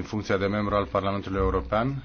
în funcția de membru al Parlamentului European